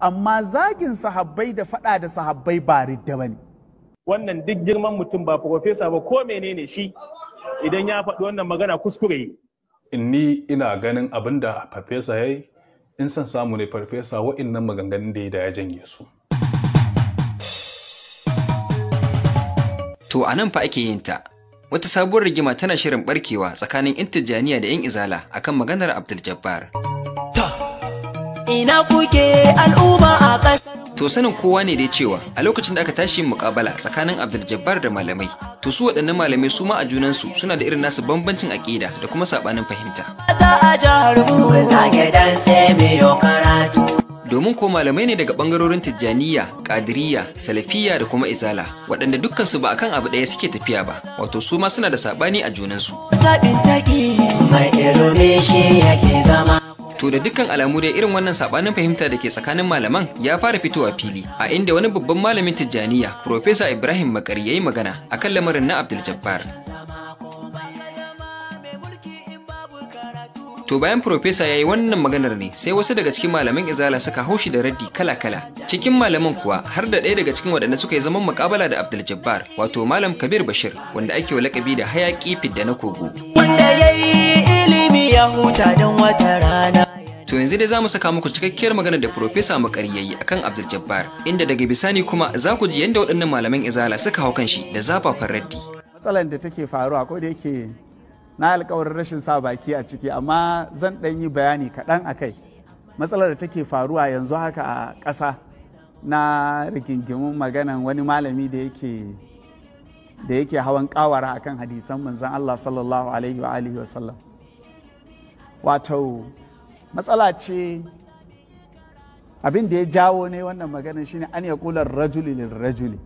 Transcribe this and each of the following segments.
amma zagin sahabbai da faɗa da sahabbai ba ridda ba ne. wannan duk girman mutum ba profesa ba ko menene shi idan ya faɗi wannan magana kuskure ni ina ganin abin da farfesa ya yi in san samu ne farfesa wa'innan maganganun da ya da ya janye su to a nan fa ake yin ta wata sabuwar rigima tana shirin barkewa tsakanin intijaniya da yan izala akan maganar abdul jabbar ina kuke al'umma a ƙasar to sanin kowa ne dai cewa a lokacin da aka tashi mukabala tsakanin abdul jabbar da malamai to su waɗannan malamai su ma a junansu suna da irin nasu bambancin aƙida da kuma saɓanin fahimta domin ko malamai ne daga ɓangarorin tijjaniya kadiriya salafiya da kuma izala waɗanda dukkansu ba a kan abu ɗaya suke tafiya ba wato su ma suna da saɓani a junansu To da dukkan alamu dai irin wannan sabanin fahimta da ke tsakanin malaman ya fara fitowa fili a inda wani babban malamin Tijjaniya Profesa Ibrahim Makari yayi magana akan lamarin na Abdul Jabbar. To bayan Profesa ya yi wannan maganar ne sai wasu daga cikin malaman izala suka haushi da raddi kala-kala. Cikin malaman kuwa har da ɗaya daga cikin waɗanda suka yi zaman mukabala da Abdul Jabbar wato Malam Kabir Bashir wanda ake wa lakabi da hayaƙi fidda na kogo. Wanda ya ilimi ya huta don wata rana. To yanzu dai za mu saka muku cikakkiyar magana da Profesa Makari yayi akan Abdul Jabbar, inda daga bisani kuma za ku ji yadda waɗannan malaman Izala suka hau shi da zafafan raddi. Matsalar da take faruwa ko da yake na alƙawarin rashin sa baki a ciki amma zan ɗan yi bayani kaɗan a kai. Matsalar da take faruwa yanzu haka a ƙasa na rigingimun maganan wani malami da yake da yake hawan kawara akan hadisan manzon Allah sallallahu alaihi wa alihi wa sallam wato matsala ce abin da ya jawo ne wannan magana shine an ya kular rajuli lil rajuli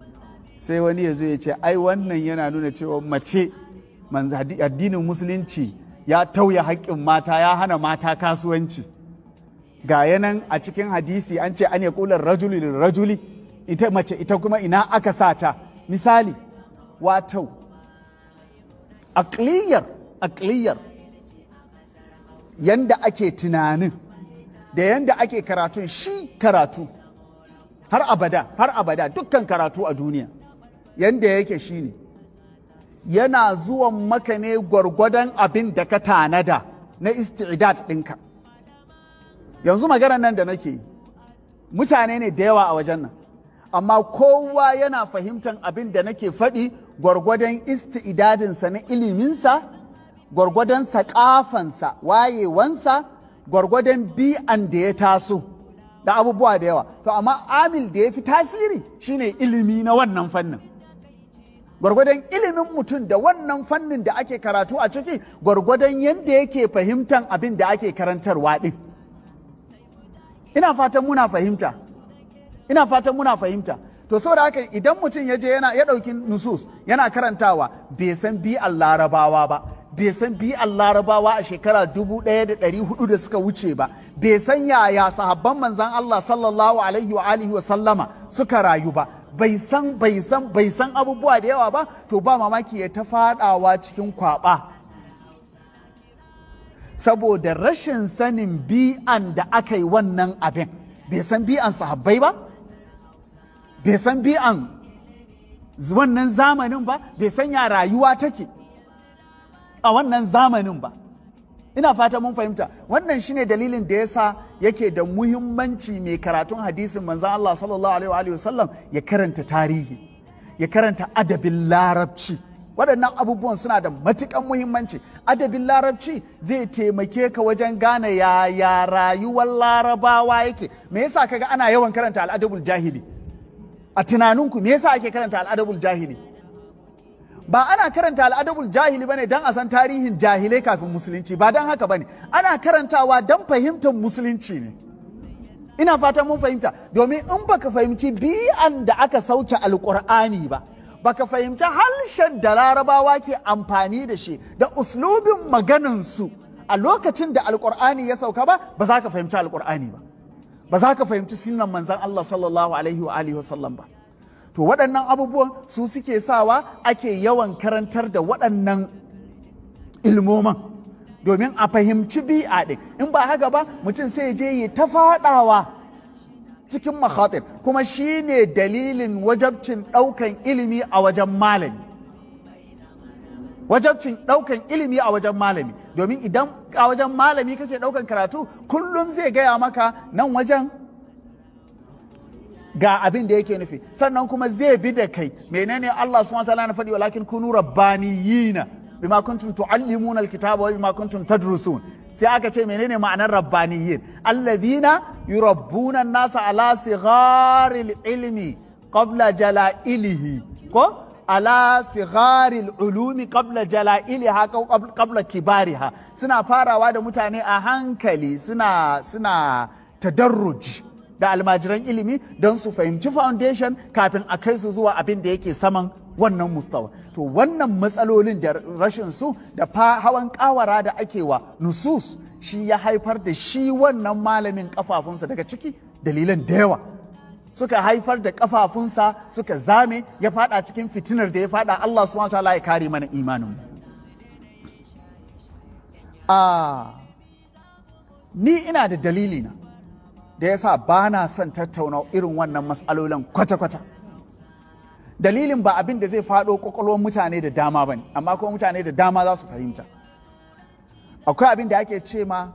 sai wani ya zo ya ce ai wannan yana nuna cewa mace addinin musulunci ya tauya haƙƙin mata ya hana mata kasuwanci ga yanan a cikin hadisi an ce an ya kula rajuli lil rajuli ita mace ita kuma ina aka sata misali watau akliyar akliyar yanda ake tunanin da yanda ake karatun shi karatu har abada har abada dukkan karatu a duniya yanda yake shi ne yana zuwan maka ne gwargwadon abin da ka tanada na isti'idad ɗinka yanzu maganar nan da nake yi mutane ne da yawa a wajen nan amma kowa yana fahimtar abin da nake faɗi gwargwadon isti'idadinsa na iliminsa gwargwadon saƙafansa wayewansa gwargwadon bi'an da ya taso da abubuwa da yawa to amma amil da ya fi tasiri shine ilimi na wannan fannin gwargwadon ilimin mutum da wannan fannin da ake karatu a ciki gwargwadon yadda yake fahimtan abin da ake karantarwa ɗin ina fatan muna fahimta ina fatan muna fahimta to saboda haka idan mutum ya je yana ya ɗauki nusus yana karantawa bai san bi'an larabawa ba bai san bi'an larabawa a shekara dubu ɗaya da ɗari hudu da suka wuce ba bai san yaya sahabban manzan Allah sallallahu alaihi wa alihi wa sallama suka rayu ba bai san bai san bai san abubuwa da yawa ba to ba mamaki ya ta faɗawa cikin kwaɓa saboda rashin sanin bi'an da aka yi wannan abin bai san bi'an sahabbai ba bai san bi'an wannan zamanin ba bai san ya rayuwa take a wannan zamanin ba ina fata mun fahimta wannan shine dalilin da yasa yake da muhimmanci mai karatun hadisin manzan Allah sallallahu alaihi wa sallam ya karanta tarihi ya karanta adabin larabci waɗannan abubuwan suna da matuƙan muhimmanci adabin larabci zai taimake ka wajen gane ya rayuwar larabawa yake me yasa kaga ana yawan karanta al'adabul jahili a tunaninku me yasa ake karanta al'adabul jahili ba ana karanta al'adabul jahili bane dan a san tarihin jahilai kafin musulunci ba dan haka bane ana karantawa dan fahimtar musulunci ne ina fatan mun fahimta domin in baka fahimci bi'an da aka sauke Alkur'ani ba baka fahimci harshen da larabawa ke amfani da shi da uslubin su a lokacin da alqur'ani ya sauka ba ba za ka fahimci alqur'ani ba ba za ka fahimci sunnan manzon Allah sallallahu alaihi wa alihi sallam ba to waɗannan abubuwan su suke sawa ake yawan karantar da waɗannan ilmoman domin a fahimci bi'a ɗin in ba haka ba mutum sai je yi ta faɗawa cikin makhatir kuma shi ne dalilin wajabcin ɗaukan ilimi a wajen malami wajabcin ɗaukan ilimi a wajen malami domin idan a wajen malami kake ɗaukan karatu kullum zai gaya maka nan wajen ga abin da yake nufi sannan kuma zai bi da kai menene Allah subhanahu wataala na faɗi walakin kunu rabbaniyina bima kuntum tuallimuna alkitaba wa bima kuntum tadrusun sai aka ce menene ma'anar rabbaniyin alladhina yurabbuna an-nasa ala sigharil ilmi qabla jala'ilihi ko ala sigharil ulumi qabla jala'iliha qabla kibariha suna farawa da mutane a hankali suna suna tadarruj da almajiran ilimi don su fahimci foundation kafin a kai su zuwa abin da yake saman wannan mustawa to wannan matsalolin da rashin su da hawan kawara da ake wa nusus shi ya haifar da shi wannan malamin kafafunsa daga ciki dalilan da yawa suka haifar da kafafunsa suka zame ya fada cikin fitinar da ya fada Allah subhanahu ta'ala ya kare mana imanin ah, ni ina da dalili na da yasa ba na son tattauna irin wannan matsalolin kwata-kwata dalilin ba abin da zai faɗo ƙwaƙwalwar mutane da dama ba ne amma kuma mutane da dama za su fahimta akwai abin da ake ce ma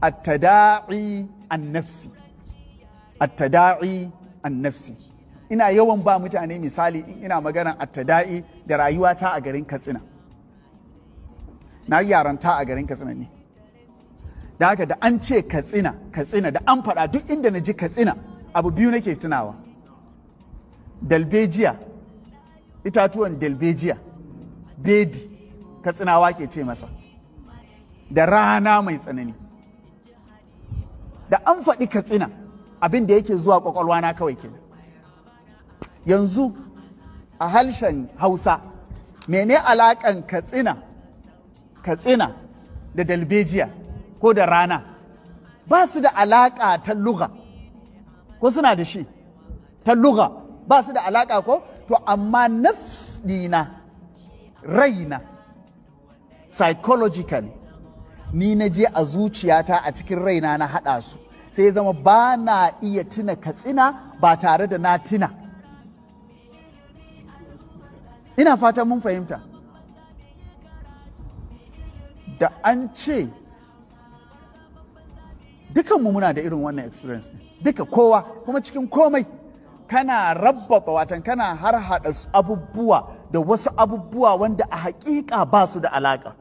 attada'i annafsi attada'i annafsi ina yawan ba mutane misali in ina maganar attada'i da rayuwata a garin katsina na yaranta a garin katsina ne da haka da an ce katsina katsina da an faɗa duk inda na ji katsina abu biyu nake tunawa dalbejiya itatuwan dalbejiya bedi katsinawa ke ce masa da rana mai tsanani da an faɗi katsina abin da yake zuwa kwakwalwana kawai kenan yanzu a harshen hausa mene alaƙan katsina katsina da dalbejiya ko da rana ba su da alaƙa ta luga ko suna da shi ta luga ba su da alaƙa ko to amma nafsina dina raina psychologically ni na je a zuciyata a cikin raina na haɗa su sai zama ba na iya tuna katsina ba tare da na tuna ina fatan mun fahimta da an ce dukanmu muna da irin wannan experience duka kowa kuma cikin komai kana rabbata watan kana har hada abubuwa da wasu abubuwa wanda a hakika ba su da alaƙa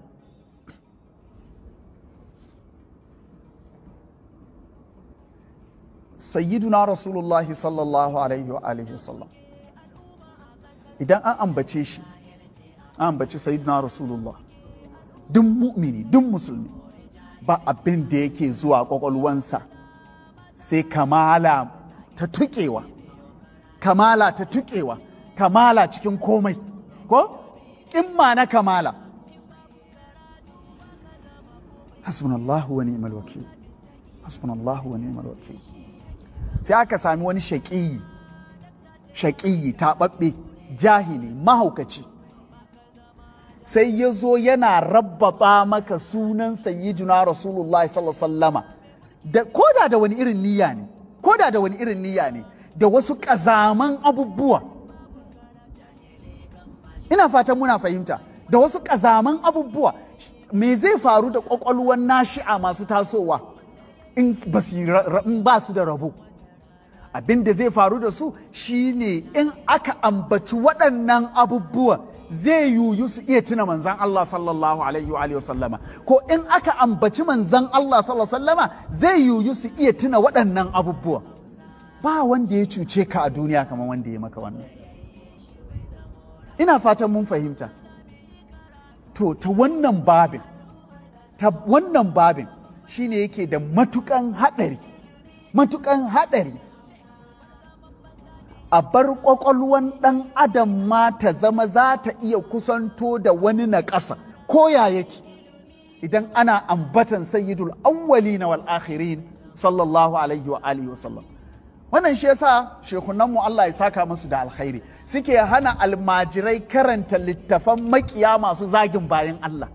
sayyiduna rasulullahi sallallahu alaihi wa alihi sallam idan an ambace shi an ambaci sayyiduna rasulullah duk mu'mini duk musulmi ba abin da yake zuwa ƙwaƙwalwansa sai kamala ta tuƙewa kamala ta tuƙewa kamala cikin komai ko ƙimma na kamala hasbunallahu wa ni'mal wakil hasbunallahu wa ni'mal wakil sai aka sami wani shaƙiyi shaƙiyi taɓaɓɓe jahili mahaukaci sai ya zo yana rabbata maka sunan sayyiduna rasulullahi sallallahu da Ko da wani irin niyya ne Ko da wani irin niyya ne da wasu kazaman abubuwa ina fatan muna fahimta da wasu kazaman abubuwa me zai faru da kwakwalwar nashi'a masu tasowa in ba su da rabo abin da zai faru da su shine in aka ambaci waɗannan abubuwan zai yuyu su iya tuna manzan Allah sallallahu alaihi wa sallama ko in aka ambaci manzan Allah sallallahu sallama zai yuyu su iya tuna waɗannan abubuwa ba wanda ya cuce ka a duniya kamar wanda ya maka wannan ina fatan mun fahimta to ta wannan babin ta wannan babin shine yake da matukan haɗari matukan haɗari a bar ƙwaƙwalwan ɗan adam ma ta zama za ta iya kusanto da wani na ƙasa ko ya yake idan ana ambatan sayyidul awwali na wal akhirin sallallahu alaihi wa alihi wa sallam wannan shi yasa shekunan mu Allah ya saka musu da alkhairi suke hana almajirai karanta littafan makiya masu zagin bayan Allah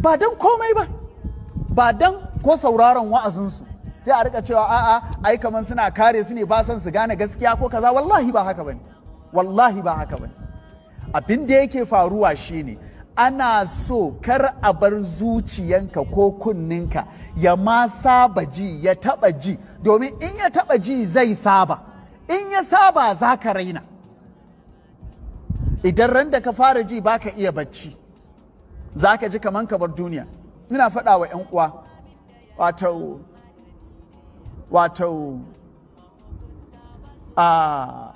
ba dan komai ba ba dan ko sauraron wa'azinsu sai a rika cewa a'a ai kaman suna kare su ne ba san su gane gaskiya ko kaza wallahi ba haka bane wallahi ba haka bane abin da yake faruwa shine ana so kar a bar zuciyanka ko kunninka ya ma saba ji ya taba ji domin in ya taba ji zai saba in ya saba za ka raina idan ran da ka fara ji baka iya bacci zaka ka ji kaman ka bar duniya ina faɗa wa 'yan uwa wato wato a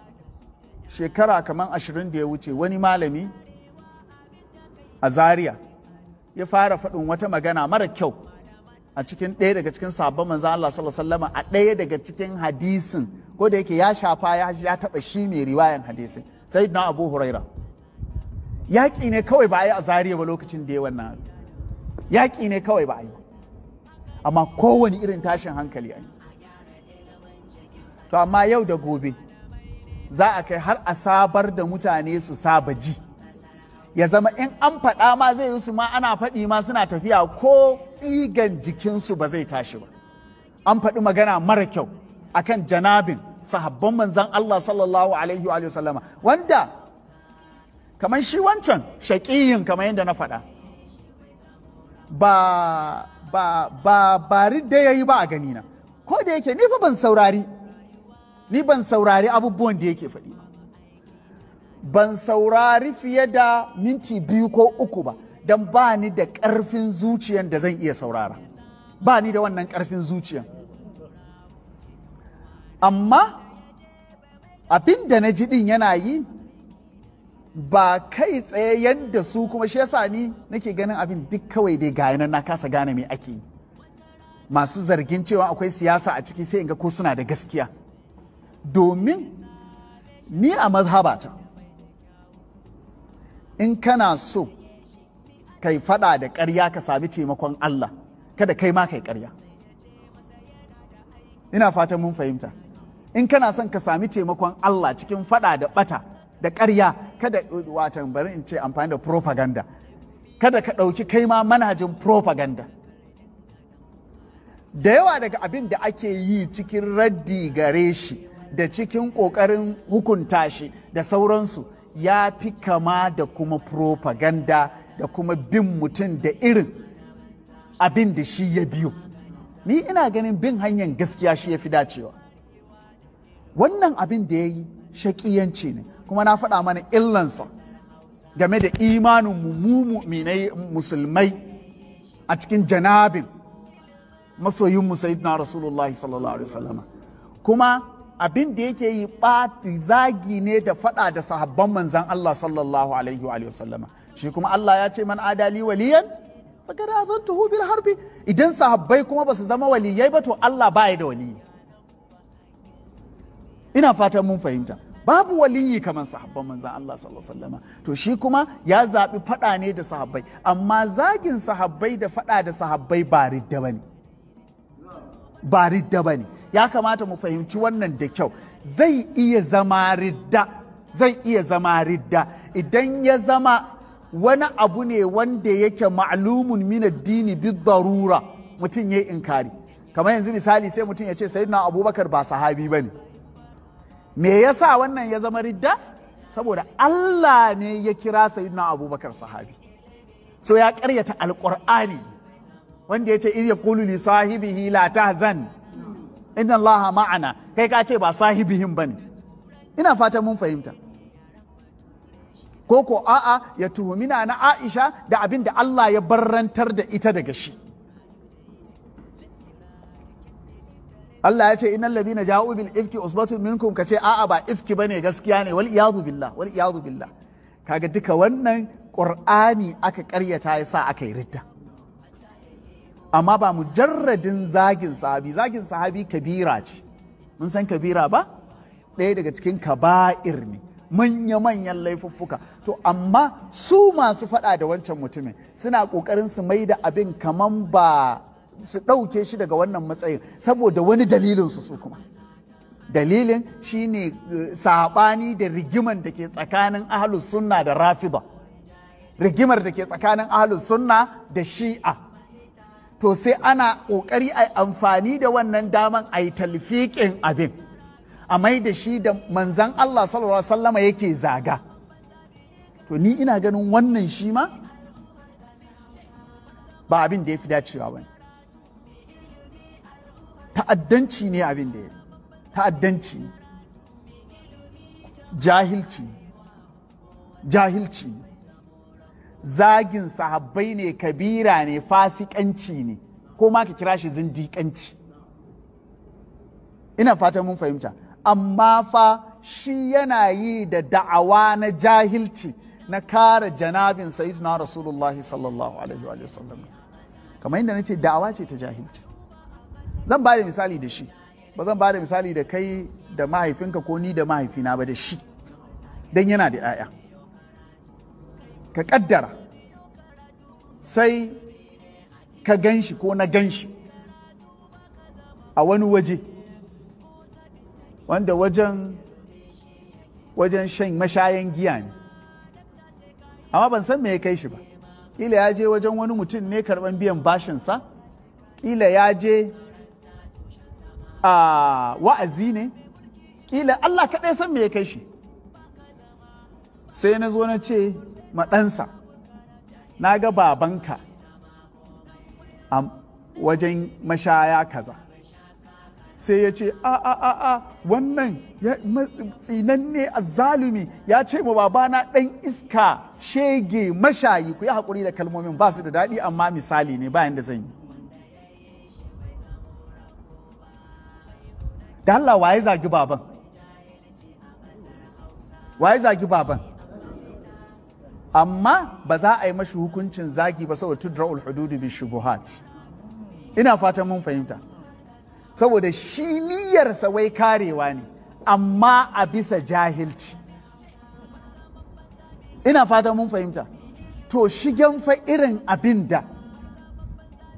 shekara kamar ashirin da ya wuce wani malami a zaria ya fara faɗin wata magana mara kyau a cikin ɗaya daga cikin sabon manza Allah sallallahu a ɗaya daga cikin hadisin ko da yake ya shafa ya taɓa shi mai riwayan hadisin sai na abu huraira yaƙi ne kawai ba a yi a zariya ba lokacin da ya wannan yaƙi ne kawai ba a yi amma kowane irin tashin hankali a yi to amma yau da gobe za a kai har a sabar da mutane su saba ji ya zama in an faɗa ma zai yi su ma ana faɗi ma suna tafiya ko tsigan jikinsu ba zai tashi ba an faɗi magana mara kyau akan janabin sahabban manzan Allah sallallahu alaihi wa sallama wanda kamar shi wancan shaƙiyin kamar yadda na faɗa ba ba ba ba da yayi ba a ganina ko da yake ba fa ban saurari ni ban saurari abubuwan da yake faɗi ba ban saurari fiye da minti biyu ko uku ba don ba ni da ƙarfin zuciyan da zan iya saurara ba ni da wannan ƙarfin zuciyan amma abin da na ji ɗin yana yi ba kai tsaye yadda su kuma shi yasa ni nake ganin abin duk kawai dai ga na kasa gane me ake yi masu zargin cewa akwai siyasa a ciki sai in ga ko suna da gaskiya domin ni a mazhabata in kana so kai fada da ƙarya ka sami taimakon Allah kada kai ma kai ƙarya ina fatan mun fahimta in kana son ka sami taimakon Allah cikin fada da bata da ƙarya kada watan bari in ce amfani da propaganda kada ka ɗauki kai ma manhajin propaganda da yawa daga abin da ake yi cikin raddi gare shi da cikin ƙoƙarin hukunta shi da sauransu ya fi kama da kuma propaganda da kuma bin mutum da irin abin da shi ya biyu ni ina ganin bin hanyar gaskiya shi ya fi dacewa wannan abin da ya yi shaƙiyanci ne kuma na faɗa mana illansa game da imanin mu mu'minai musulmai a cikin janabin masoyin na rasulullahi sallallahu alaihi wasallama kuma abin da yake yi ɓati zagi ne da faɗa da sahabban manzan Allah sallallahu alaihi wa sallama shi kuma Allah ya ce man adali waliyan zan tuhu bil harbi idan sahabbai kuma ba su zama waliyai ba to Allah ba da waliyi ina fatan mun fahimta babu waliyi kamar sahabban manzan Allah sallallahu alaihi wa to shi kuma ya zaɓi faɗa ne da sahabbai amma zagin sahabbai da faɗa da sahabbai ba ridda bane ba ridda bane ya kamata mu fahimci wannan da kyau zai iya zama ridda zai iya zama ridda idan ya zama wani abu ne wanda yake ma'lumun min addini bi darura mutum yayi inkari kamar yanzu misali sai mutum ya ce sayyidina abubakar ba sahabi bane me yasa wannan ya zama ridda saboda Allah ne ya kira sayyidina abubakar sahabi so ya karyata alqur'ani wanda ya ce iya qulu li sahibihi la tahzan inna allaha ma'ana kai ka ce ba sahibihim bane ina fatan mun fahimta ko ko a'a ya tuhumina na Aisha da abin da Allah ya barrantar da ita daga shi Allah ya ce innal ladina ja'u bil ifki usbatun minkum kace a'a ba ifki bane gaskiya ne wal iyadu billah wal iyadu billah kaga duka wannan qur'ani aka karyata yasa aka yi ridda amma ba mu mujarradin zagin sahabi zagin sahabi kabira ce mun san kabira ba ɗaya daga cikin kaba'ir ne manya-manyan laifuffuka to amma su masu faɗa da wancan mutumin suna ƙoƙarin su mai da abin kaman ba su ɗauke shi daga wannan matsayin saboda wani dalilin su su kuma dalilin shine eh, saɓani da rigimar da ke tsakanin ahlus sunna da rafida rigimar da ke tsakanin ahlus sunna da shi'a to sai ana ƙoƙari a amfani da wannan daman a yi talfiƙin abin a mai da shi da manzan Allah sallallahu alaihi wasallama yake zaga to ni ina ganin wannan shi ma ba abin da ya fi dacewa ba ta'addanci ne abin da ya ta'addanci jahilci jahilci ne. zagin sahabbai ne kabira ne fasikanci ne ko ma ka kira shi zindiƙanci ina fatan mun fahimta amma fa shi yana yi da da'awa na jahilci na kara janabin sayyidina rasulullah sallallahu alaihi wa sallam kamar yadda nace da'awa ce ta jahilci zan ba da misali da shi ba zan ba da misali da kai da mahaifinka ko ni da mahaifina ba da shi don yana da 'ya'ya ka kaddara sai ka gan shi ko na gan shi a wani waje wanda wajen wajen shan mashayan giya ne amma ban san me ya kai shi ba ƙila ya je wajen wani mutum ne karɓan biyan bashinsa ƙila ya je a wa'azi ne ƙila Allah kaɗai san me ya kai shi sai na zo na ce maɗansa na ga babanka a wajen mashaya kaza sai ya ce a a a a wannan tsinanne azzalumi ya ce ma babana ɗan iska shege mashayi ku yi haƙuri da kalmomin ba su da daɗi amma misali ne bayan da zan yi da Allah waye zagi baban waye zagi baban amma ba za a yi mashi hukuncin zagi ba saboda tudra hududu bi shubuhat ina fatan mun fahimta saboda shi niyyarsa wai karewa ne amma a bisa jahilci ina fatan mun fahimta to shigen fa irin abin da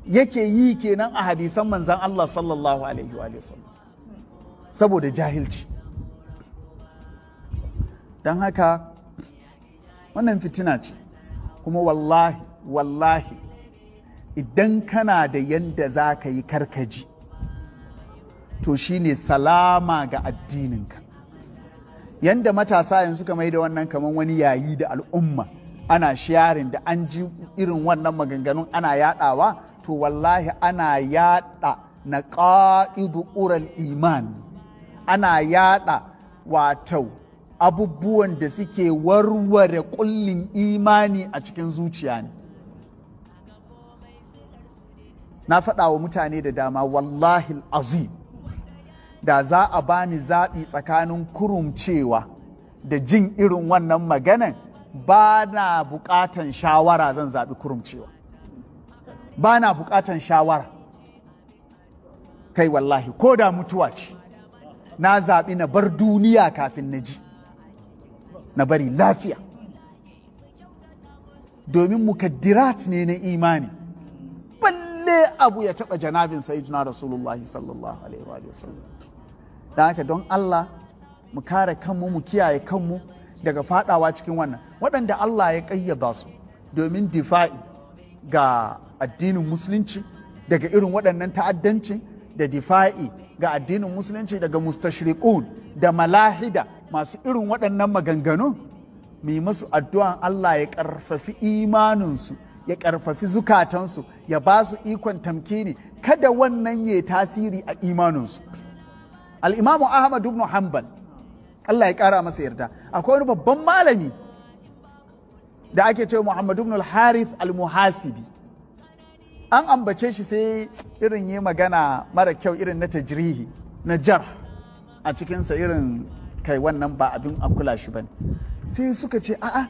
yake yi kenan a hadisan manzan Allah sallallahu alaihi wa sallam saboda jahilci don haka wannan fitina ce kuma wallahi wallahi idan kana da yanda za ka yi karkaji to shi ne salama ga addininka yanda matasa yanzu suka mai da wannan kamar wani yayi da al'umma ana sharing da an ji irin wannan maganganun ana yadawa to wallahi ana yada na ƙa'idu ural iman ana yada watau abubuwan da suke warware kullin imani a cikin zuciya ne na faɗa wa mutane da dama wallahi azim da za a bani zaɓi tsakanin kurumcewa da jin irin wannan maganan ba na buƙatan shawara zan zaɓi kurumcewa ba na buƙatan shawara kai wallahi ko da mutuwa ce na zaɓi na bar duniya kafin na ji na bari lafiya domin mukaddirat ne na imani balle abu ya taɓa janabin sayyidina rasulullahi sallallahu alaihi wa sallam don haka don Allah mu kare kanmu mu kiyaye kanmu daga fadawa cikin wannan waɗanda Allah ya ƙayyada su domin difa'i ga addinin musulunci daga irin waɗannan ta'addanci da difa'i ga addinin musulunci daga mustashriqun da malahida masu irin waɗannan maganganu mai masu addu'an Allah ya ƙarfafi imaninsu ya ƙarfafi zukatansu ya ba su ikon tamkini kada wannan ya tasiri a imaninsu al'imamu ahmad ibn hanbal Allah ya ƙara masa yarda akwai wani babban malami da ake ce muhammad ibn Harif al-muhasibi an ambace shi sai irin yi magana mara kyau irin na tajirihi na jar a cikinsa irin kai wannan ba abin a kula shi ne sai suka ce a'a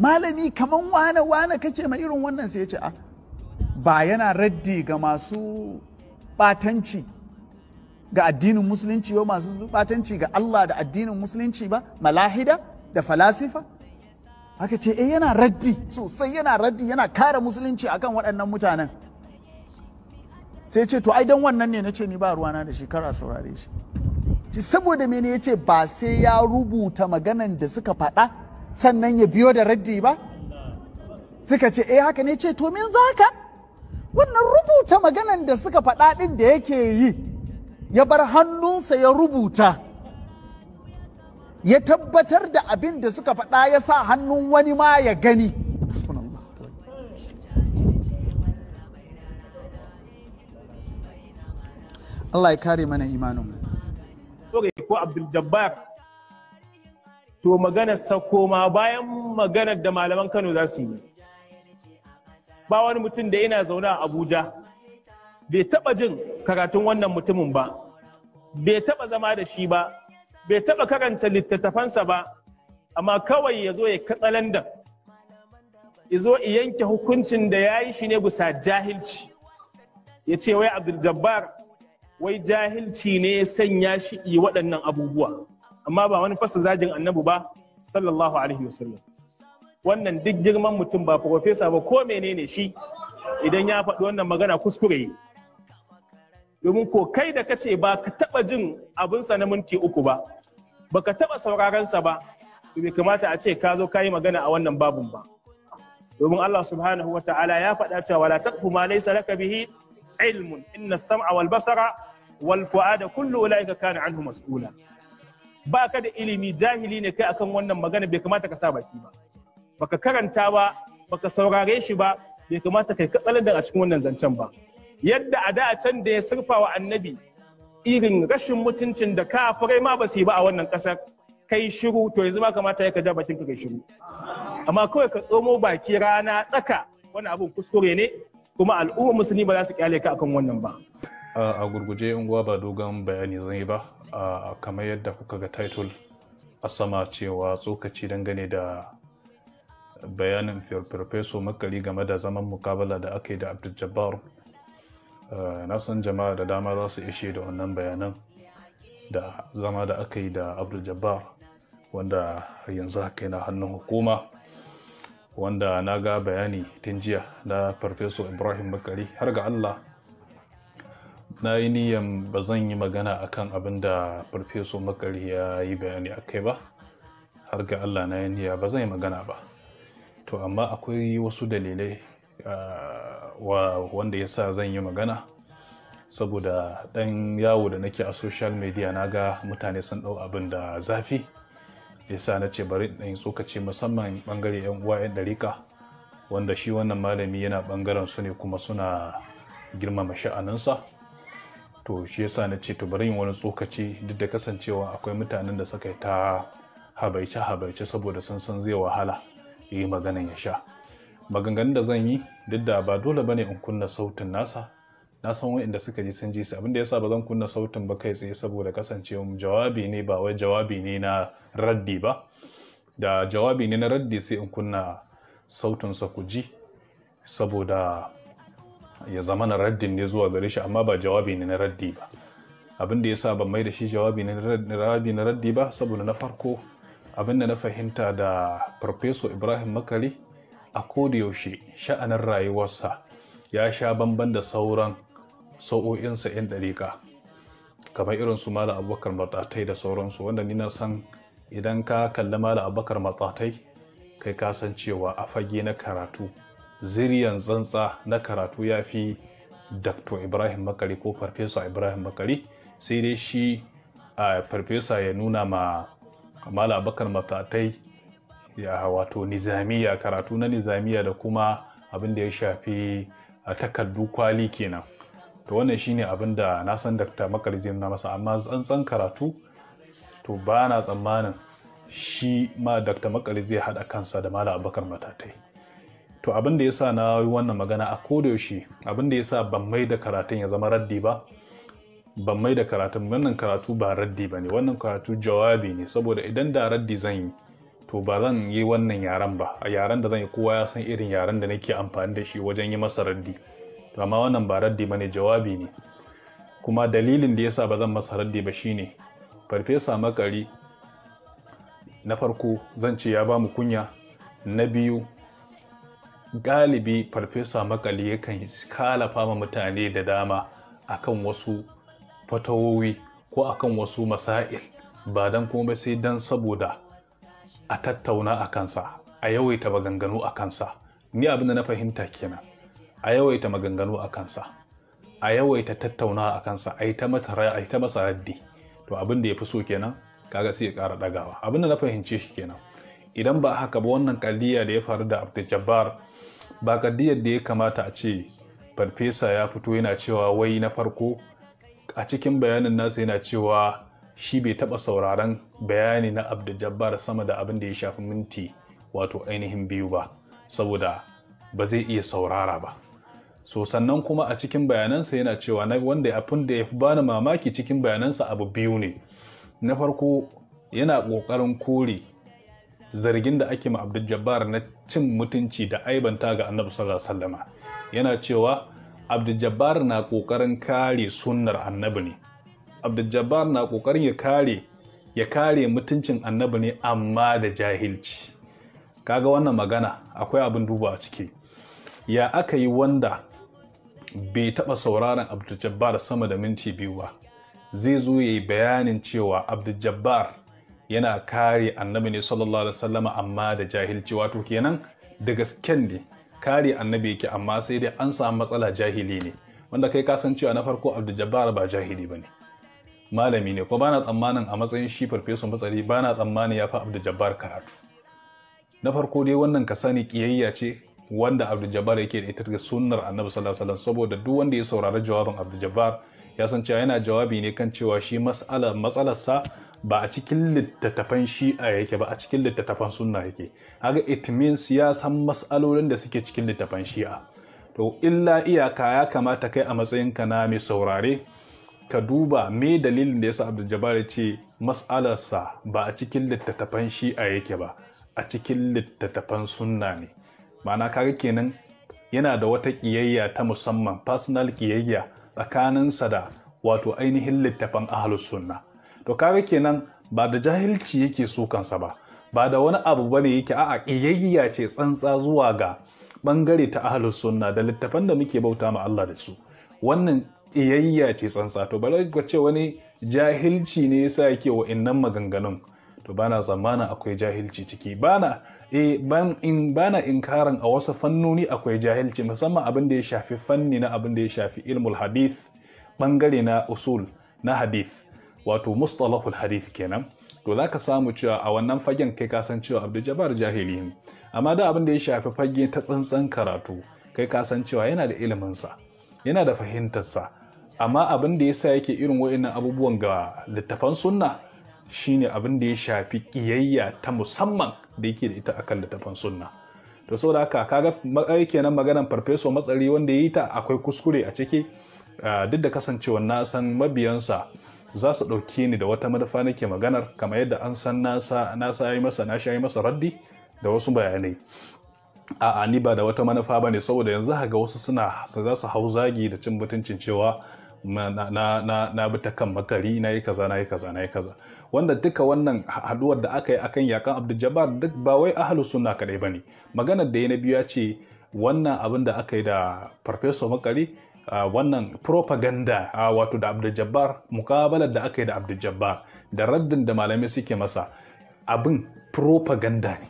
malami kaman wane wane kake ma irin wannan sai ya ce a ba yana raddi ga masu batanci ga addinin musulunci ba masu batanci ga Allah da addinin musulunci ba malahida da falasifa aka ce eh yana raddi sosai yana raddi yana kare musulunci akan waɗannan mutanen sai ce to ai dan wannan ne na ce ni ba ruwana da shi a saurare shi saboda mene ya ce ba sai ya rubuta maganan da suka faɗa sannan ya biyo da raddi ba suka ce eh haka ne ce to min za ka? wannan rubuta maganan da suka faɗa ɗin da yake yi ya bar hannunsa ya rubuta ya tabbatar da abin da suka faɗa ya sa hannun wani ma ya gani Allah ya kare mana imaninmu ko abdul jabbar to maganar sako ma bayan maganar da malaman kano za su yi ba wani mutum da yana zaune a abuja bai taba jin karatun wannan mutumin ba bai taba zama da shi ba bai taba karanta littattafansa ba amma kawai ya zo ya katsalandan Izo zo yanke hukuncin da ya yi shi ne busa jahilci ya ce wai abdul jabbar wai jahilci ne ya sanya shi yi waɗannan abubuwa amma ba wani fasa zagin annabi ba sallallahu alaihi wasallam wannan duk girman mutum ba profesa ba ko menene shi idan ya faɗi wannan magana kuskure domin ko kai da kace ba ka taɓa jin abinsa na minti uku ba ba ka taɓa saurarensa ba to bai kamata a ce ka zo ka yi magana a wannan babun ba domin Allah subhanahu wa ta'ala ya faɗa cewa la taqfu ma laysa laka bihi ilmun inna sam'a wal basara wal fu'ada kullu ulaika kana anhu mas'ula ba ka da ilimi jahili ne kai akan wannan magana bai kamata ka sa baki ba baka karanta ba baka saurare shi ba bai kamata kai katsalar da a cikin wannan zancen ba yadda a da can da ya surfa wa annabi irin rashin mutuncin da kafirai ma ba su yi ba a wannan kasar kai shiru to yanzu ma kamata ya ka ja bakin ka kai shiru amma kawai ka tsomo baki rana tsaka wani abu kuskure ne kuma al'ummar musulmi ba za su kyale ka akan wannan ba a gurguje unguwa ba dogon bayani zan yi ba kamar yadda kuka ga title a sama cewa tsokaci dangane da bayanin firfirfeso makari game da zaman mukabala da aka yi da abdul jabbar na san jama'a da dama za su ishe da wannan bayanan da zama da aka yi da abdul jabbar wanda yanzu haka yana hannun hukuma wanda na ga bayani tun jiya na farfeso ibrahim Makari har ga allah na yi niyan ba zan yi magana akan abin da farfeso makari ya yi bayani a kai ba har ga allah na yi niyya ba zan yi magana ba to amma akwai wasu dalilai wanda ya sa zan yi magana saboda ɗan yawo da nake a social media na ga mutane sun ɗau abin da zafi ya sa na ce bari ɗan tsokaci musamman ɓangare 'yan uwa 'yan ɗarika wanda shi wannan malami yana ɓangaren su ne kuma suna girmama sha'aninsa to shi yasa na ce to bari yin wani tsokaci duk da kasancewa akwai mutanen da suka yi ta habaice habaice saboda sun san zai wahala ya yi maganin ya sha maganganun da zan yi duk da ba dole bane in kunna sautin nasa na san wa'inda suka ji sun ji su abinda yasa ba zan kunna sautin ba kai tsaye saboda kasancewa jawabi ne ba wai jawabi ne na raddi ba da jawabi ne na raddi sai in kunna sautin sa ku ji saboda ya zama na raddin ne zuwa gare shi amma ba jawabi ne na raddi ba abin da sa ban mai da shi jawabi ne na raddi ba saboda na farko abin da na fahimta da farfeso ibrahim makari a yaushe sha'anin rayuwarsa ya sha bamban da sauran sa'o'insa 'yan dariƙa kamar irin su mala abubakar matsatai da sauransu wanda ni na san idan ka kalli mala abubakar matsatai kai ka san cewa a fage na karatu ziriyan tsantsa na karatu ya fi dr ibrahim bakari ko farfesa ibrahim bakari sai dai shi a farfesa ya nuna ma kamala bakar matatai ya wato nizamiya karatu na nizamiya da kuma abin da ya shafi a takardu kwali kenan to wannan shine abin da na san dr Makari zai nuna masa amma tsantsan karatu to ba na tsammanin shi ma dr makari zai haɗa kansa da malam abakar matatai to abin da ya sa na yi wannan magana a kodayaushe abin da ya sa ban mai da karatun ya zama raddi ba ban mai da karatun wannan karatu ba raddi ba ne wannan karatu jawabi ne saboda idan da raddi zan yi to ba zan yi wannan yaren ba a yaren da zan yi kowa ya san irin yaren da nake amfani da shi wajen yi masa raddi to amma wannan ba raddi ba ne jawabi ne kuma dalilin da ya sa ba zan masa raddi ba shine farfesa makari na farko zan ce ya ba mu kunya na biyu galibi farfesa makali yakan kalafa ma mutane da dama akan wasu fatawowi ko akan wasu masail ba don kuma sai don saboda a tattauna a kansa a yawaita maganganu a kansa ni abin da na fahimta kenan a yawaita maganganu a kansa a yawaita tattauna a kansa a yi ta masa raddi to abin da ya fi so kenan kaga sai ya ƙara ɗagawa abin da na fahimce shi kenan idan ba haka ba wannan kalliya da ya faru da abdul jabbar ba kaddiyar da ya kamata a ce farfesa ya fito yana cewa wai na farko a cikin bayanin nasa yana cewa shi bai taɓa sauraron bayani na abdul jabbar sama da abin da ya shafi minti wato ainihin biyu ba saboda ba zai iya saurara ba so sannan kuma a cikin bayanansa yana cewa na wanda abin da ya fi bani mamaki cikin bayanansa abu biyu ne na farko yana ƙoƙarin kore zargin da ake ma Abdul na cin mutunci da aibanta ga Annabi sallallahu alaihi yana cewa Abdul na kokarin kare sunnar Annabi ne Abdul na kokarin ya kare ya kare mutuncin Annabi ne amma da jahilci kaga wannan magana akwai abin duba a ciki ya aka yi wanda bai taɓa sauraron Abdul sama da minti biyu ba zai zo ya yi bayanin cewa Abdul yana kare annabi ne sallallahu alaihi wasallam amma da jahilci wato kenan da gasken ne kare annabi yake amma sai dai an samu matsala jahili ne wanda kai ka san cewa na farko Abdul ba jahili bane malami ne ko bana tsammanin a matsayin shi farfesun matsari bana tsammanin ya fi Abdul Jabbar karatu na farko dai wannan ka sani kiyayya ce wanda Abdul Jabbar yake da ita daga sunnar Annabi sallallahu alaihi wasallam saboda duk wanda ya saurari jawabin Abdul Jabbar ya san cewa yana jawabi ne kan cewa shi mas'ala matsalarsa ba a cikin littattafan shi'a yake ba a cikin littattafan sunna yake haka it means ya san mas'alolin da suke cikin littattafan shi'a to illa iyaka ya kamata kai a matsayinka na mai saurare ka duba me dalilin da yasa Abdul Jabbar ya ce mas'alarsa ba a cikin littattafan shi'a yake ba a cikin littattafan sunna ne ma'ana kaga kenan yana da wata kiyayya ta musamman personal kiyayya tsakaninsa da wato ainihin littattafan ahlus sunna to kaga kenan ba da jahilci yake sukansa ba ba da wani abu ba ne yake a'a ƙiyayya ce tsantsa zuwa ga bangare ta ahlus sunna da littafan da muke bauta ma Allah da su wannan ƙiyayya ce tsantsa to bari ka ce wani jahilci ne yasa yake wa innan maganganun to bana zamana akwai jahilci ciki bana eh ban in bana inkarin a wasu fannoni akwai jahilci musamman abin da ya shafi fanni na abin da ya shafi ilmul hadith bangare na usul na hadith wato mustalahul hadith kenan to za ka samu cewa a wannan fagen kai kasan cewa abdul jabbar jahili amma da abin da ya shafi fage ta tsantsan karatu kai kasan cewa yana da iliminsa yana da fahimtarsa amma abin da sa yake irin wa'annan abubuwan ga littafan sunna shine abin da ya shafi kiyayya ta musamman da yake da ita akan littafan sunna to saboda haka kaga matsayi kenan maganan farfeso matsari wanda ya yi ta akwai kuskure a ciki ah, duk da kasancewa na san mabiyansa za su ɗauke ni da wata manufa nake maganar kamar yadda an san nasa nasa yi masa na shayi masa raddi da wasu bayanai a'a ni ba da wata manufa ba ne saboda yanzu haka wasu suna za su hau zagi da cin mutuncin cewa na bi ta kan makari na yi kaza na yi kaza na yi kaza wanda duka wannan haduwar da aka yi akan yakan abdul duk ba wai ahlus sunna kadai bane maganar da ya na biyu ya ce wannan abin da aka yi da farfesa makari wannan propaganda wato da abdul jabbar mukabalar da aka yi da abdul jabbar da raddin da malamai suke masa abin propaganda ne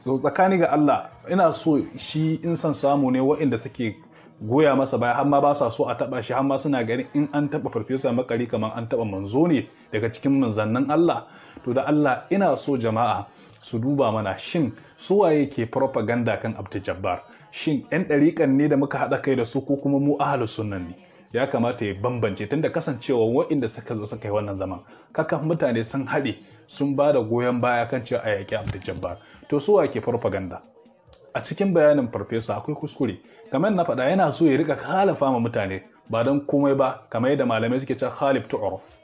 so tsakani ga allah ina so shi in san samu ne waɗanda suke goya masa baya har ma ba sa so a taɓa shi har suna ganin in an taba farfesa makari kamar an taba manzo ne daga cikin manzannin Allah to da Allah ina so jama'a su duba mana shin suwaye ke propaganda kan Abdul Jabbar shin 'yan ɗariƙan ne da muka haɗa kai da su ko kuma mu ahalus sunan ne ya kamata ya bambance tunda kasancewa waɗanda suka zo suka yi wannan zaman kakan mutane sun haɗe sun ba da goyon baya kan cewa a yaƙi abdul jabbar to su wake farfaganda a cikin bayanin farfesa akwai kuskure kamar na faɗa yana so ya rika halafa ma mutane ba don komai ba kamar yadda malamai suke cewa khalif to urf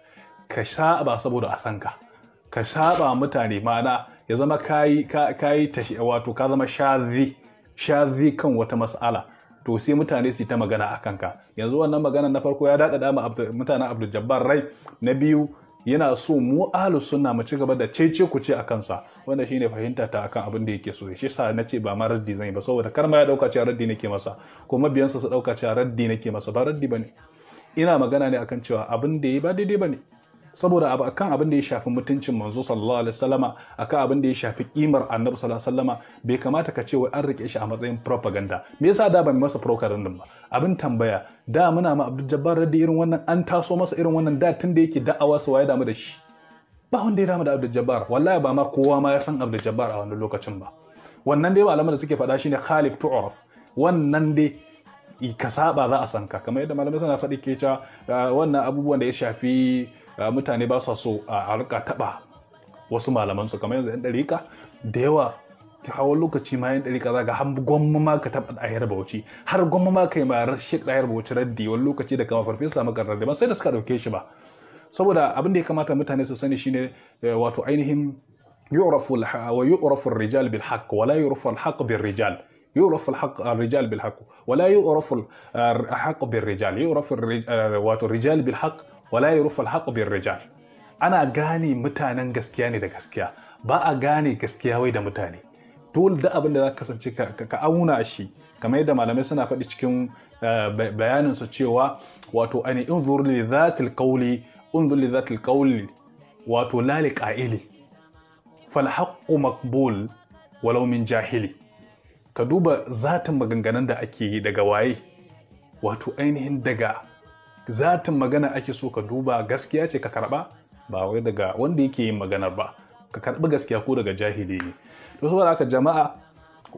ka saba saboda a san ka ka saba mutane ma'ana ya zama kayi kayi tashi wato ka zama shazi shazi kan wata mas'ala to sai mutane su ta magana a kanka yanzu wannan magana na farko ya daɗa dama mutanen abdul rai na biyu yana so mu ahlu sunna mu ci gaba da cece ku ce a kansa wanda shine fahimta ta akan abin da yake so Ya shi sa na ce ba ma raddi zan yi ba saboda kar ma ya dauka cewa raddi nake masa ko mabiyansa su dauka cewa raddi nake masa ba raddi bane ina magana ne akan cewa abin da ya yi ba daidai bane saboda abu akan abin da ya shafi mutuncin manzo sallallahu alaihi wasallama akan abin da ya shafi kimar annabi sallallahu alaihi wasallama bai kamata ka ce wai an rike shi a matsayin propaganda me yasa da ba mu masa propaganda ba abin tambaya da muna ma Abdul Jabbar radi irin wannan an taso masa irin wannan da tun da yake da'awa su waye damu da shi ba wanda ya damu da Abdul Jabbar wallahi ba ma kowa ma ya san Abdul Jabbar a wannan lokacin ba wannan dai malaman da suke faɗa shine Khalif Tu'raf wannan dai ka saba za a san ka kamar yadda malamai suna faɗi ke cewa ah, wannan abubuwan da ya shafi mutane ba sa so a harka taba wasu malaman su kamar yanzu 'yan dariƙa da yawa ta hawan lokaci ma 'yan dariƙa za ga har gwamma ma ka taɓa yar bauchi har gwamma ma ka yi ma shek yar bauchi raddi wani lokaci da kama farfesa maka raddi ba sai da suka dauke shi ba saboda abin da ya kamata mutane su sani shine eh, wato ainihin yu'rafu wa eh, rijal يعرف wala yurfal haqqu bir rijal ana gane mutanen gaskiya ne da gaskiya ba a gane gaskiya wai da mutane dole da abin da za ka kasance ka auna shi kamar yadda malamai suna faɗi cikin eh, bayanin su cewa wato ani unzur li dhatil qawli unzur li dhatil qawli wato la li qa'ili fal haqqu maqbul walau min jahili ka duba zatin maganganun da ake yi daga waye wato ainihin daga zatin magana ake so ka duba gaskiya ce ka karba ba wai daga wanda yake yin magana ba ka karbi gaskiya ko daga jahili ne to saboda haka jama'a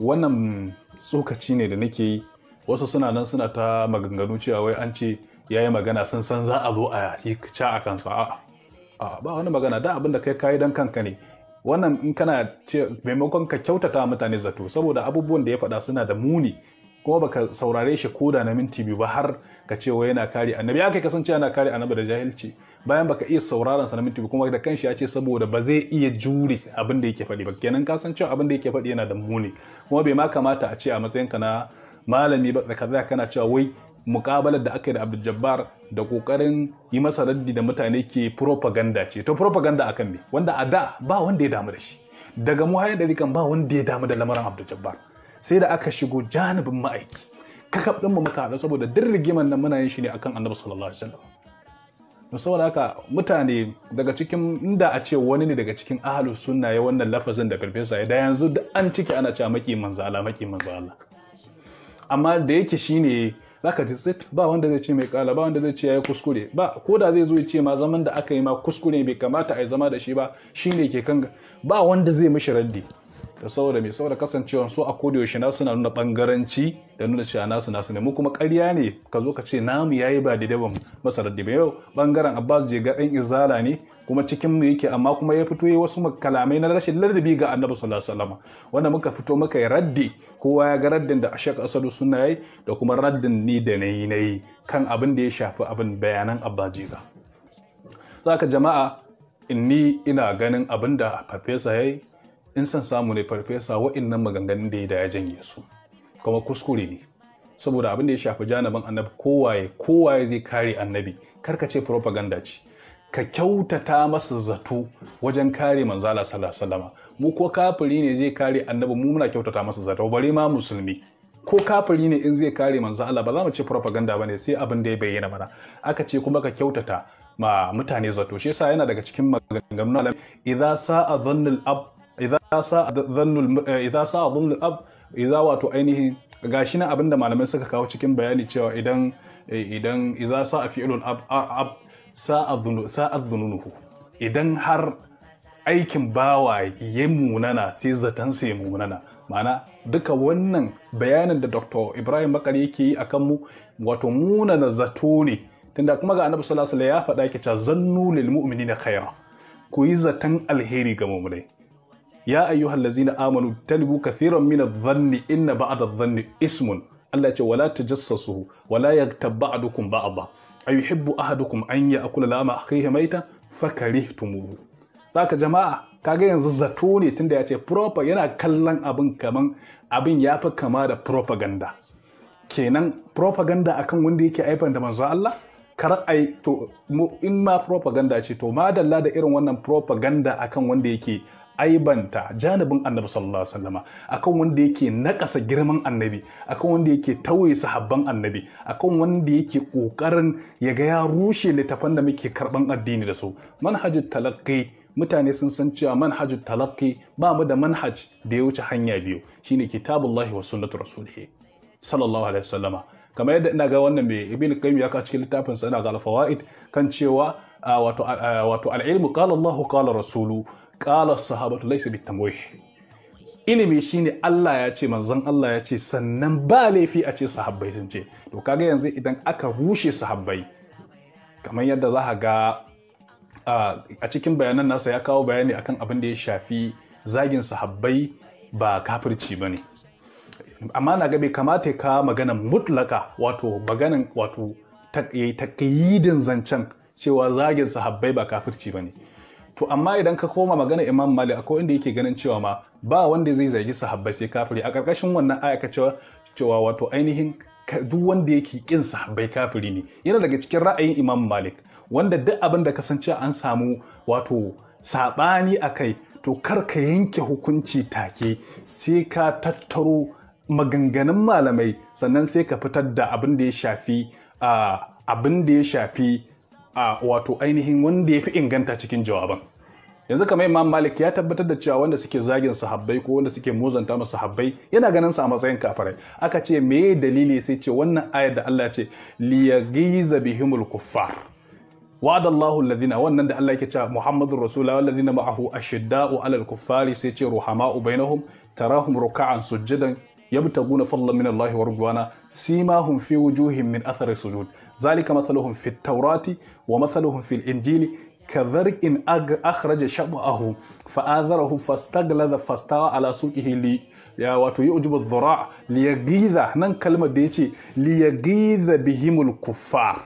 wannan tsokaci ne da nake yi wasu suna nan suna ta maganganu cewa wai an ce yayi magana sun san za a zo a yi ca a kansa a'a ba wani magana da abin da kai kayi dan kanka ne wannan in kana ce maimakon ka kyautata mutane zato saboda abubuwan da ya faɗa suna da muni kuma baka saurare shi koda na minti biyu ba har ka ce wai yana kare annabi ya kai kasance yana kare annabi da jahilci bayan baka iya sauraron sa na minti biyu kuma da kanshi ya ce saboda ba zai iya jure abin da yake faɗi ba kenan ka san cewa abin da yake faɗi yana da muni kuma bai ma kamata a ce a matsayinka na malami ba da kaza kana cewa wai muƙabalar da aka yi da Abdul Jabbar da kokarin yi masa raddi da mutane ke propaganda ce to propaganda akan me wanda a da ba wanda ya damu da shi daga muhayyar hayan ɗarikan ba wanda ya damu da lamarin Abdul Jabbar sai da aka shigo janibin ma'aiki kakab mu muka haɗu saboda duk rigiman nan muna yin shi ne akan annabi sallallahu alaihi wasallam saboda haka mutane daga cikin inda a ce wani ne daga cikin ahalus sunna ya wannan lafazin da karfinsa ya da yanzu duk an ciki ana cewa maki manzo maki manzo amma da yake shine zaka ji tsit ba wanda zai ce mai kala ba wanda zai ce yayi kuskure ba ko da zai zo ya ce ma zaman da aka yi ma kuskure bai kamata a yi zama da shi ba shine ke kanga ba wanda zai mishi raddi da saboda mai saboda kasancewa su a koda yaushe nasu na nuna bangaranci da nuna cewa nasu nasu ne mu kuma ƙarya ne ka zo ka ce namu yayi ba da daban masa da ba yau bangaren Abbas Jiga ɗan Izala ne kuma cikin mu yake amma kuma ya fito yi wasu kalamai na rashin ladabi ga Annabi sallallahu alaihi wasallam wanda muka fito muka yi raddi kowa ya ga raddin da ashek Asadu suna yi da kuma raddin ni da nayi nayi kan abin da ya shafi abin bayanan Abbas Jega zaka jama'a inni ina ganin abin da farfesa yayi in san samu ne farfesa wa'innan maganganun da ya da ya janye su kuma kuskure ne saboda abin da ya shafi janaban annabi kowaye kowaye zai kare annabi karka ce propaganda ce ka kyautata masa zato wajen kare manzala sallallahu mu ko kafiri ne zai kare annabi mu muna kyautata masa zato bare ma musulmi ko kafiri ne in zai kare manzo Allah ba za mu ce propaganda bane sai abin da ya bayyana mana aka ce kuma ka kyautata ma mutane zato shi yasa yana daga cikin maganganun alam idza sa'a dhannul ab idza sa dhannul ab wato ainihi. gashi na abinda malamai suka kawo cikin bayani cewa idan idan sa fi'lul ab ab sa a sa'a nuhu idan har aikin bawa ya munana sai sai ya munana ma'ana duka wannan bayanin da dr ibrahim Makar yake yi akan mu wato munana zato ne tunda kuma ga annabi sallallahu alaihi ya faɗa ke cewa zannu lil mu'minina khaira ku yi zaton alheri ga mu'minai ya ayyuhal na amanu talibu kathiran Mina, adh-dhanni inna ba'da adh-dhanni ismun Allah ya ce wala tajassasu wala yaghtab ba'dukum ba'dha ayuhibbu ahadukum an ya'kula lama akhihi maita fakarihtumuhu zaka jama'a kaga yanzu zato ne tunda ya ce proper yana kallon abin kaman abin ya fi kama da propaganda kenan propaganda akan wanda yake aifan da manzo Allah kar ai to in ma propaganda ce to madalla da irin wannan propaganda akan wanda yake aibanta janibin annabi sallallahu alaihi wasallama akan wanda yake nakasa girman annabi akan wanda yake tauye sahabban annabi akan wanda yake kokarin ya ga ya rushe littafan da muke karban addini da su manhajul talaqqi mutane sun san cewa manhajul talaqqi ba mu da manhaj da ya wuce hanya biyu shine kitabullahi wa sunnatu rasulih sallallahu alaihi wasallama kamar yadda ina ga wannan mai ibn qayyim ya ka cikin littafin sa ina ga al kan cewa wato al-ilmu qala Allah qala rasulu kala sahabatu laysa bitamwih ilimi shine Allah ya ce manzon Allah ya ce sannan ba laifi a ce sahabbai sun ce to kaga yanzu idan aka rushe sahabbai kamar yadda za ka ga a cikin bayanan nasa ya kawo bayani akan abin da ya shafi zagin sahabbai ba kafirci bane amma na ga bai kamata ka magana mutlaka wato maganan wato takayidin zancen cewa zagin sahabbai ba kafirci bane to amma idan ka koma magana imam malik akwai inda yake ganin cewa ma ba wanda zai zargi sahabbai sai kafiri a ƙarƙashin wannan aya cewa wato ainihin duk wanda yake kin sahabbai kafiri ne yana daga cikin ra'ayin imam malik wanda duk abin da kasance an samu wato saɓani a kai to kar ka yanke hukunci take sai ka tattaro maganganun malamai sannan sai ka fitar da abin da ya shafi ah, abin da ya shafi a wato ainihin wanda ya fi inganta cikin jawaban yanzu kamar imam malik ya tabbatar da cewa wanda suke zagin sahabbai ko wanda suke muzanta masu sahabbai yana ganin sa a matsayin kafirai aka ce me dalili sai ce wannan ayar da Allah ce liyaghiza bihimul kuffar wa'ada Allahu alladhina wannan da Allah yake cewa Muhammadur Rasulullah alladhina ma'ahu ashidda'u 'alal kuffari sai ce ruhama'u bainahum tarahum ruk'an sujudan يبتغون فضلا من الله ورضوانا سيماهم في وجوههم من أثر السجود ذلك مثلهم في التوراة ومثلهم في الإنجيل كذرك إن أخرج شطأه فآذره فاستغلظ فاستوى على سوقه لي wato yu'jibu dhura li yaghiza nan kalmar da yace li yaghiza bihimul kuffar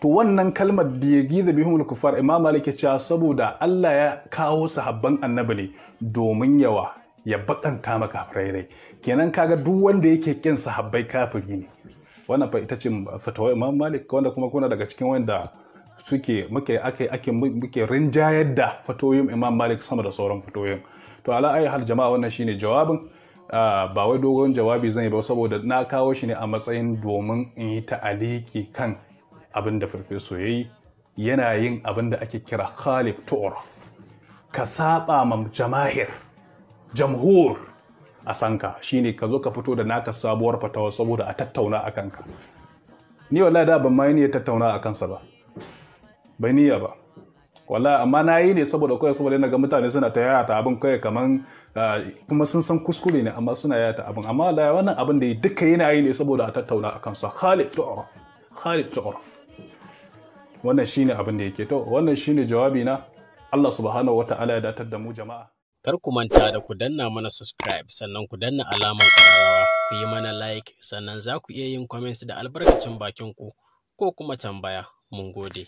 to wannan kalmar da yaghiza bihimul kuffar imam malik ya ce saboda Allah ya kawo sahabban annabi ne domin yawa ya baɗanta maka rairai kenan kaga duk wanda yake kin sahabbai kafiri ne wannan fa ita ce fatawa imam malik wanda kuma kuna daga cikin wanda suke muke ake ake muke rinjayar da fatoyin imam malik sama da sauran fatoyin to ala ayi hal jama'a wannan shine jawabin ah, ba wai dogon jawabi zan yi ba saboda na kawo shi ne a matsayin domin in yi ta'aliki kan abin da farfeso ya yi yana yin abin da ake kira khalif tu'raf ka saba ma jama'ir jamhur a sanka shine ka zo ka fito da naka sabuwar fatawa saboda a tattauna a kanka ni wallahi da ban ma yi niyyar tattauna a kansa ba bai niyya ba wallahi amma na yi ne saboda kawai saboda yana ga mutane suna ta yata abin kawai kaman ah, kuma sun san kuskure ne amma suna yata abin amma wallahi wannan abin da duka yana yi ne saboda a tattauna a kansa khalif tu'raf khalif tu'raf wannan shine abin da yake to wannan shine jawabi na Allah subhanahu wata'ala ya datar da mu jama'a Kar ku manta da ku danna mana subscribe sannan ku danna alamar ƙararrawa ku yi mana like sannan za ku iya yin comments da albarkacin bakin ku ko kuma tambaya. Mun gode.